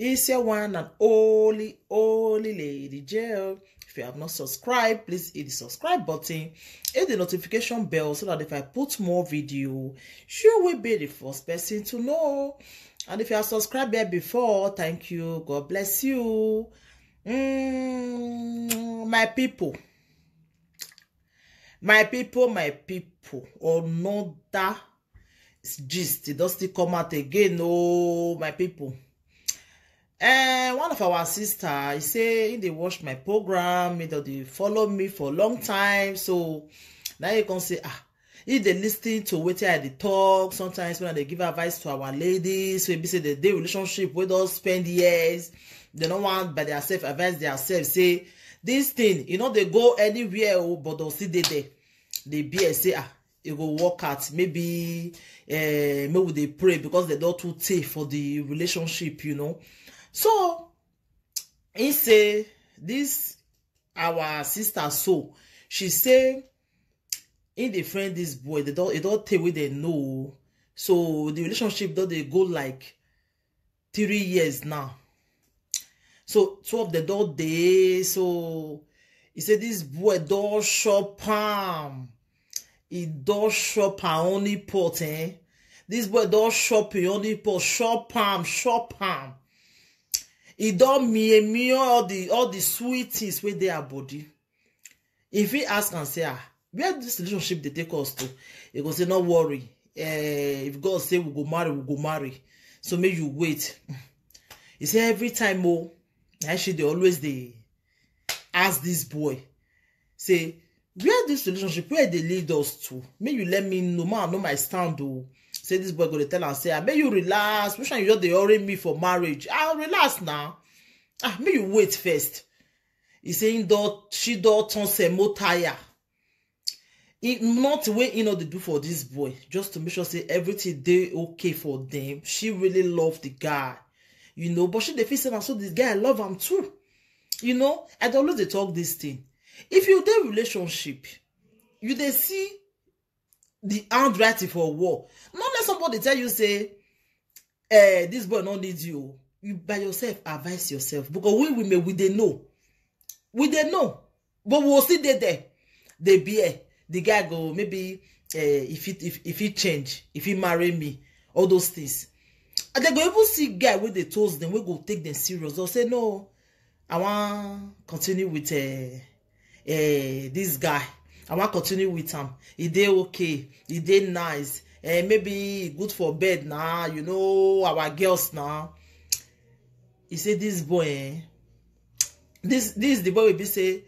is your one and only, only Lady Jill. If you have not subscribed, please hit the subscribe button, hit the notification bell so that if I put more video, you will be the first person to know. And if you have subscribed here before, thank you. God bless you. Mm, my people. My people, my people. Another gist. It does still come out again. Oh, my people uh, one of our sister he say they watch my program they follow me for a long time so now you can say ah he dey lis to what i dey talk sometimes when they give advice to our ladies wey say the dey relationship wey don spend years They don't want by themselves, advise themselves. say this thing you e know, they go anywhere o oh, but don still they they be and say ah it e will work out maybe uh, eh, maybe they pray because they don't too tey for the relationship you know so he say this our sister so she say in dey friend this boy They don't they don't tell we they know so the relationship don they go like three years now so two of dem don dey so he say this boy don't shop am He don't shop am only pot eh this boy don't shop e only pot Shop am Shop am e don mie all the all the sweet things wey dey her body e fit ask am say ah where dis relationship dey take us to e go say no worry eh if god say we go marry we go marry so make you wait e say every time o oh, na she dey always dey ask this boy say where dis relationship where e dey lead us to make you let me know ma i know my stand o oh say this boy go dey tell am say i ah, make you relax which one you just dey hurry me for marriage ah relax na ah make you wait first He say im don she don turn semo tire nothing wey e no dey do for this boy just to make sure say everything dey okay for them. she really love the guy you know but she dey feel say na so dis guy love am too you know i dey always dey talk this thing if you dey relationship you dey see the handwriting for war. no let somebody tell you say eh this boy no need you you by yourself advise yourself because we women we dey know we dey know but we will still dey there dey bear the guy go maybe eh if he if, if he change if he marry me all those things and they go even see guy wey dey toast dem wey go take dem serious they'll say no i wan continue with uh, uh, this guy i wan continue with am e dey okay e dey nice eh, maybe good for bed na you know our girls na he say this boy eh, this this the boy wey be say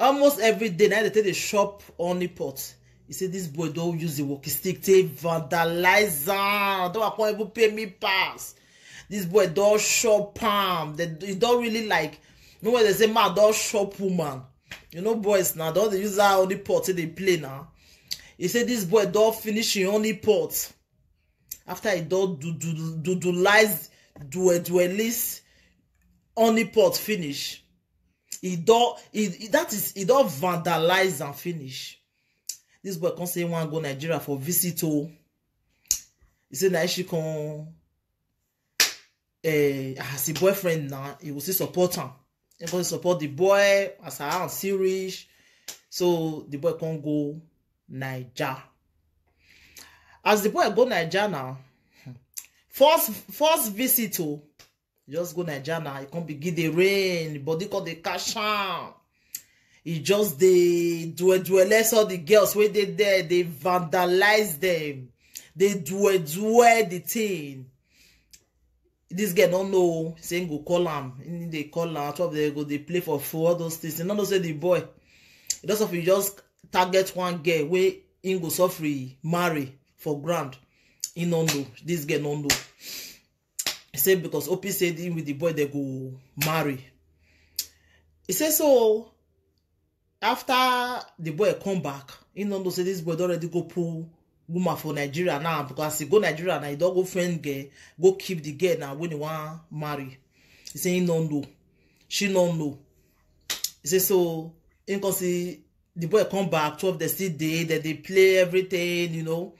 almost every day na they take the shop only pot he say this boy don't use the walkie stick take vandalize Don't that one even pay me pass this boy don't shop. Palm. They don't really like you know when they say man don't shop woman you know boys now don dey use that only pot take dey play na. He said this boy don't finish in only pot. After he don't do do do do lies do do at least only pot finish. He don't he, that is he don't vandalize and finish. This boy can't say he want go Nigeria for visit oh. He said now she can uh, as a boyfriend now, he will still support him. He will support the boy as her aunt serious. So the boy can't go Niger. As the boy go Niger now, first first visit to oh, just go Niger now, e come begin the rain, body the come dey catch am. e just dey less all the girls where they there They vandalize them. They dem dey dwedwe the thing this girl don't know say him go call him They call am twelve they go They play for four those things They no know say the boy because of you just target one girl wey im go suffer marry for ground im no know dis girl no know he say because opi say him with the boy dem go marry he say so after the boy come back he no know say this boy don already go pull woman for nigeria now because he go nigeria now he don go friend girl go keep the girl now when he wan marry he say he no know she no know he say so him come see the boy come back twelve dey still dey they dey play everything you know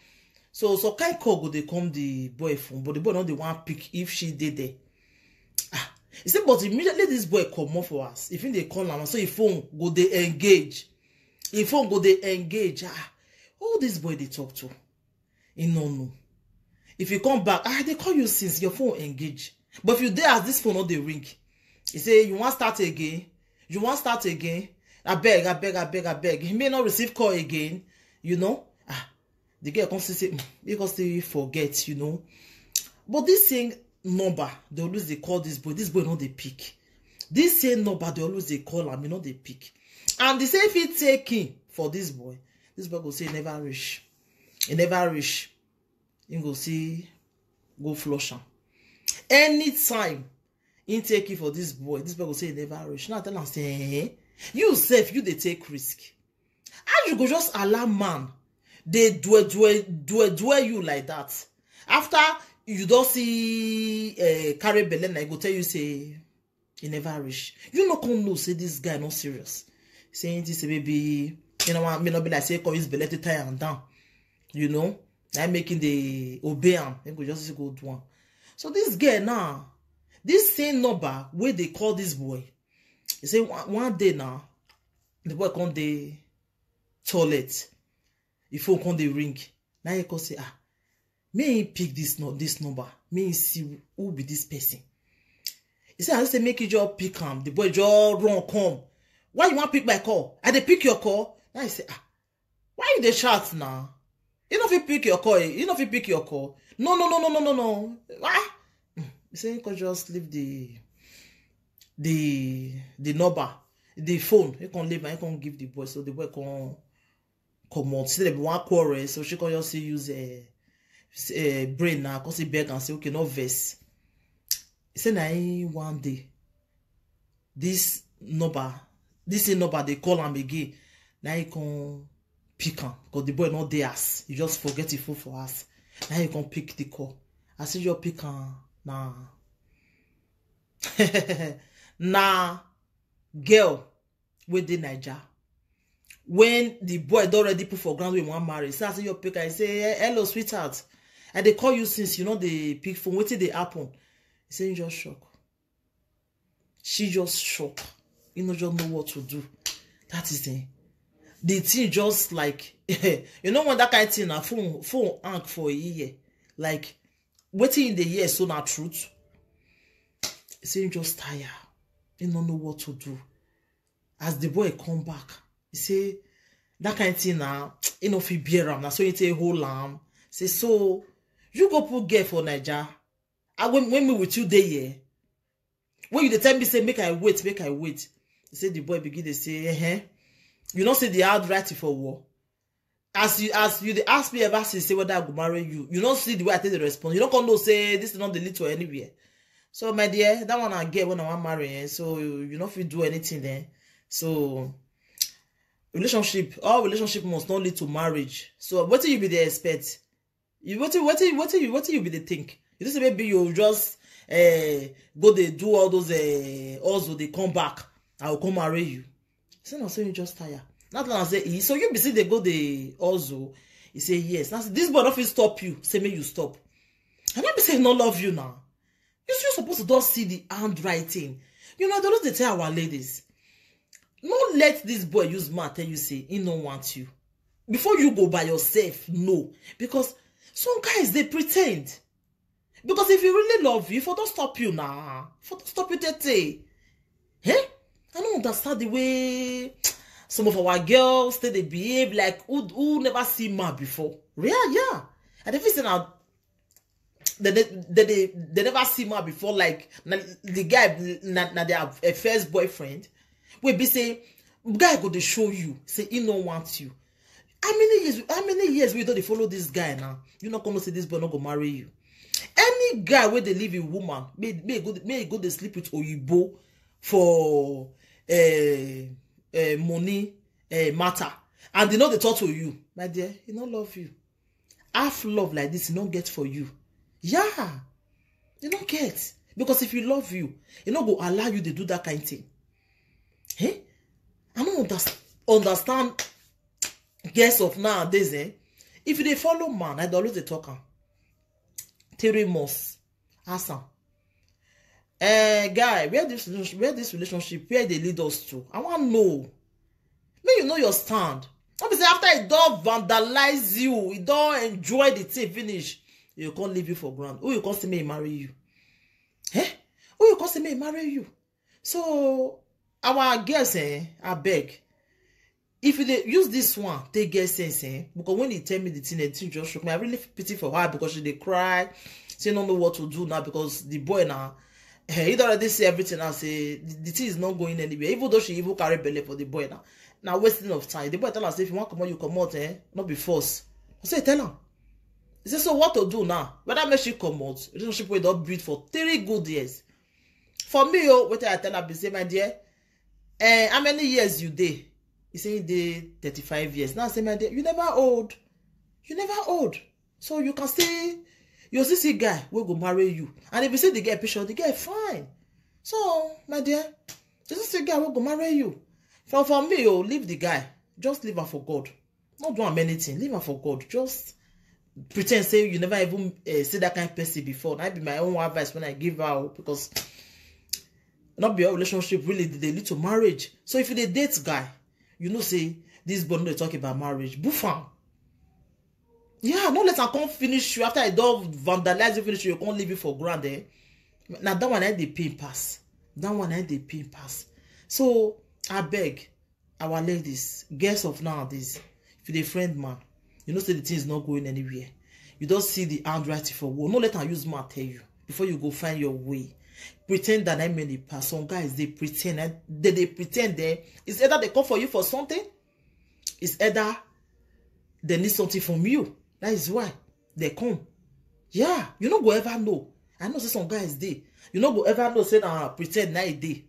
so so kind call go dey come the boy phone but the boy no dey wan pick if she dey there ah he say but immediately this boy comot for us. if he dey call am so him phone go dey engage him phone go dey engage ah who this boy dey talk to he no know if you come back ah i dey call you since your phone engage but if you dey as this phone no dey ring he say you wan start again you wan start again I I beg, beg, I beg, I beg. he may not receive call again you know ah the girl come see say he hmm, come forget you know but this thing number they always dey call this boy this boy not dey pick this same number they always dey call am he no dey pick and the same fit take him for this boy this boy will say he never reach he never reach He will say go flush am anytime he take him for this boy this boy will say he never reach now i tell am say eh, eh, eh you sef you dey take risk how you go just allow man dey dwell dwell dwell dwell you like that after you don see uh, eh, carry belle na e go tell you say e never reach you no come know say this guy no serious saying this baby you know may not be like say come use belle to tie am down you know na him make him dey obey am him go just go do am so this girl now this same number wey dey call this boy He say one day na the boy come dey toilet e phone come dey ring na him come say ah may he pick this no this number May he see who be this person He say i say make you just pick am the boy just run come why you wan pick my call i dey pick your call na he say ah why you dey shout na you no fit pick your call eh? you no fit pick your call no no no no no no no why ah, hmm. he say him come just leave the the the number the phone he can leave and he can give the boy so the boy can comot say dem wan quarrel so she can just use uh, uh, brain na come say beg am say okay no vex he say na him one day this number this same number dey call am again na he come pick am because the boy no dey house he just forget him phone for house na he come pick the call as he just pick am na. na girl wey dey naija when the boy don already put for ground wey he wan marry say i your pick, i say eh, hello sweetheart i dey call you since you no dey pick phone wetin dey happen he say he just shock she just shock he no just know what to do that is the the thing just like you know when that kind of thing na phone phone hang for e ear like wetin he dey hear so na truth he say he just tire He no know what to do. As the boy come back, he say, that kind of thing now, you know, if you bear him, now so he take whole lamb. Say, so, you go put girl for Niger. I when, when me with you there, yeah. When you dey tell me, say, make I wait, make I wait. He say, the boy begin to say, eh, eh. You know, say, the hard right for war. as you as you dey ask me ever since say whether i go marry you you no see the way i take dey respond you no come know say this thing no dey lead to anywhere so my dear that one i get when i want marry eh? so you no fit do anything eh? so relationship all relationship must not lead to marriage so what do you be the expect you What? What? What? you wetin you be the think you just maybe you just uh, go they do all those uh, also they come back i will come marry you say na so you just tire na tell am say e so you be still dey go dey also. You say yes Now this boy not fit stop you say me you stop i no be say he no love you now you still suppose to just see the handwriting you know i always dey tell our ladies no let this boy use mouth tell you say he no want you before you go by yourself no because some guys dey pre ten d because if he really love you he for don stop you na for don stop you tete eh i no understand the way some of our girls dey dey behave like who who never see man before real yeah i dey feel say na they they they, they never see more before like na, the guy na, na their uh, first boyfriend wey be say guy go dey show you say he no want you how many years how many years wey don dey follow this guy now you no come know say this boy no go marry you any guy wey dey live with woman may may go may go dey sleep with oyibo for uh, uh, money uh, matter and they no dey talk to you my dear he no love you half love like this he no get for you yeah you no get because if he love you he no go allow you dey do dat kain thing eh i no understand guess of nowadays eh if you dey follow man i dey always dey talk am three months ask am eh guy where this relationship where e dey lead us to i wan know make you know your stand no be say after e don vandalize you e don enjoy the thing finish you can't leave you for ground who you can't see me marry you eh who you can't see me marry you so our girls eh I beg. if you dey use this one take get sense eh because when he tell me the thing the thing just shock me i really pity for her because she dey cry she no know what to do now because the boy na eh, he don already see everything now say the, the thing is not going anywhere even though she even carry belle for the boy now na wasting of time the boy tell her say if you wan comot you comot eh no be force i say tell am he say so what to do now whether make she comot relationship wey don build for three good years for me oh, wetin i tell am be say my dear eh how many years you dey he say he dey thirty-five years now i say my dear you never old you never old so you can see, you see, see guy will go marry you and if you see the girl picture the girl fine so my dear you still see guy will go marry you for for me oh, leave the guy just leave her for god Not do am anything leave her for god just pretend say you never even uh, eh, see that kind of person before that be my own advice when i give out because not be all relationship really dey lead to marriage so if you dey date guy you know say this boy no dey talk about marriage boof am yeah no let am come finish you after i don vandalize you finish you come leave you for ground eh na that one na dey pain pass that one na dey pain pass so abeg our ladies girls of nowadays if you dey friend man you know say the thing is not going anywhere you don see the handwriting for wall no let am use mouth tell you before you go find your way pre ten d that na many pass some guys dey pre ten d they dey pre ten d eh it's either they come for you for something it's either they need something from you that is why they come yeah you no go ever know i know say some guys dey you no go ever know say na pre ten d na e dey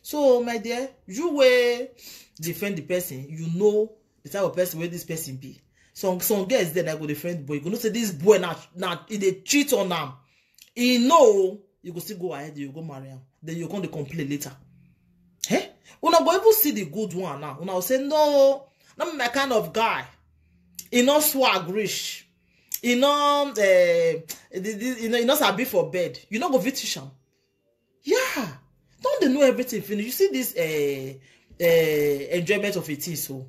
so my dear you wey defend the person you know the type of person wey this person be some some girls then i go dey friend boy you go know say this boy na na e dey cheat on am he know you go still go ahead you go marry am then you come dey complain later eh una go even see the good one now una go say no no be my kind of guy He no swag rich e no e no sabi for bed you no go fit teach am yeah don dey know everything finish you see this uh, uh, enjoyment of a thing so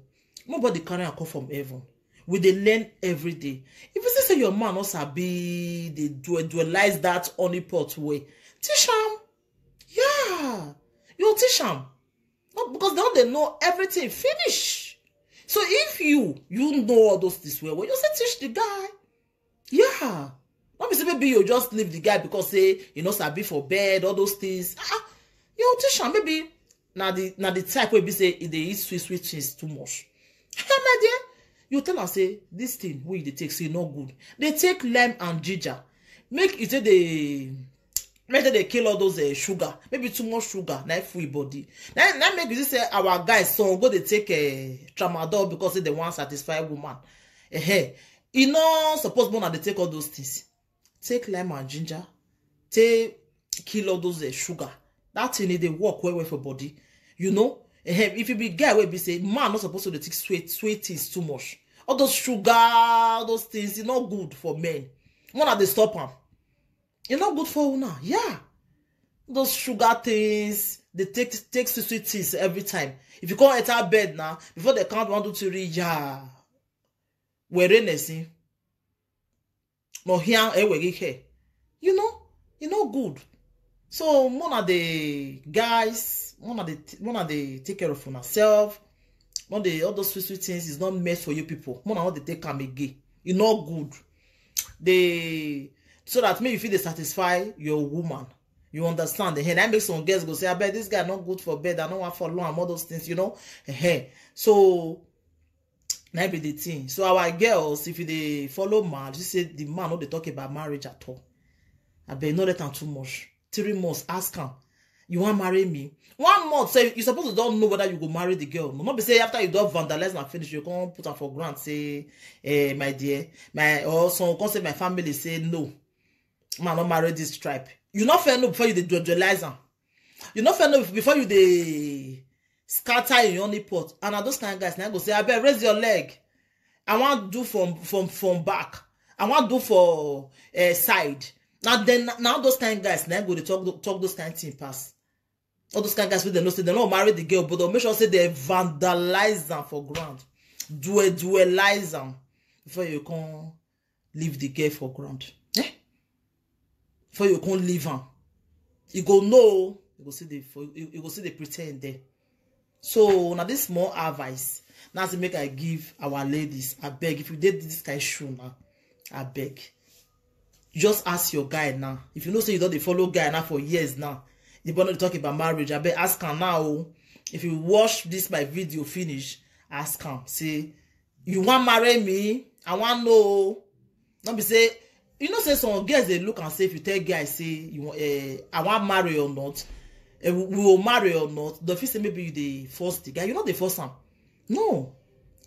nobody carry am come from heaven we dey learn every day if you see say your man no sabi dey dualize that honey pot way teach am yeah you teach am no because now they know everything finish so if you you know all those things well well you say teach the guy yeah no be say maybe you just leave the guy because say you no sabi for bed all those things ah you teach am maybe na the na the type wey be say e dey eat sweet sweet things too much. you tell am say this thing wey you dey take say no good dey take lime and ginger make e take dey make dem dey kill all those uh, sugar maybe too much sugar na full e body na na make you see say our guys some go dey take uh, tramadol because say dem wan satisfy woman uh -huh. e no suppose more dey take all those things take lime and ginger take kill all those uh, sugar that thing e dey work well well for body you know if you be guy wey be say man no suppose to dey take sweet sweet things too much all those sugar all those things e no good for men una dey stop am e no good for una yeah those sugar things dey take take sweet sweet things every time if you come enter bed na before dem count one two three yaa were nesin no hia ewere ihe you know e no good so more na the guys One of the one of the take care of una self of the all those sweet sweet things is not meant for you people One of the take am again e no good dey so that make you fit dey satisfy your woman you understand eh that make some girls go say abeg this guy no good for bed i no wan follow am all those things you know eh so na be the thing so our girls if you dey follow man you say the man no dey talk about marriage at all abeg no let am too much three months ask am you wan marry me one month so you suppose to don know whether you go marry the girl no no be say after you don vandalize and finish you come put am for ground say eh my dear my or some come say my family say no ma no marry this tribe you no fair know before you dey vandalize am you no fair know before you dey scatter your only pot and na those kind guys na go say abeg raise your leg i wan do from from from back i wan do for uh, side Now then, now those kind guys na go to talk talk those kind thing pass all those kind guys wey dem know say dem no marry the girl but dem make sure say dem vandalize them for ground duel duelize them before you can leave the girl for ground eh before you can leave am you go know you go see the you go see the pretend there so now this small advice now to make i give our ladies I beg if you dey this kind shoe I beg just ask your guy now if you know say you don dey follow guy now for years now the boy no dey talk about marriage abeg ask am now o if you watch this my video finish ask am say you wan marry me i wan know o no be say you know say some girls dey look am say if you tell guy say you uh, i wan marry or not uh, we will marry or not dem fit say maybe you dey force the guy you no dey force am no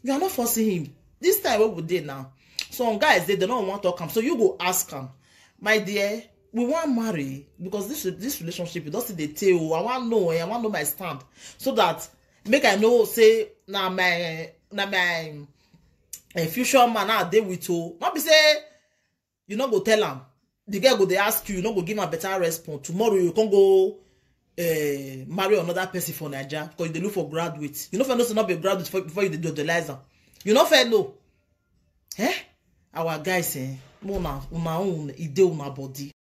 you are not forcing him this time wey we dey now some guys they dem no wan talk am so you go ask am my dear we wan marry because this this relationship you don see the tey o i wan know eh i wan know my stand so that make i know say na my na my uh, future man i dey with o no be say you no go tell am the girl go dey ask you you no go give am better response tomorrow you come go uh, marry another person for naija because you dey look for graduate you no fit know say no be graduate before you dey idolize am you no fit know. Eh? our guys eh, more una, una own, e dey una body.